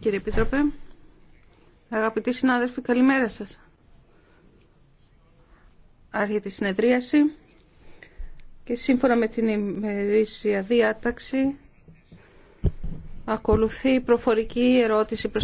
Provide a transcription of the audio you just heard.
Κύριε Επίτροπε, αγαπητοί συνάδελφοι, καλημέρα σας. Άρχεται η συνεδρίαση και σύμφωνα με την ημερήσια διάταξη ακολουθεί η προφορική ερώτηση προς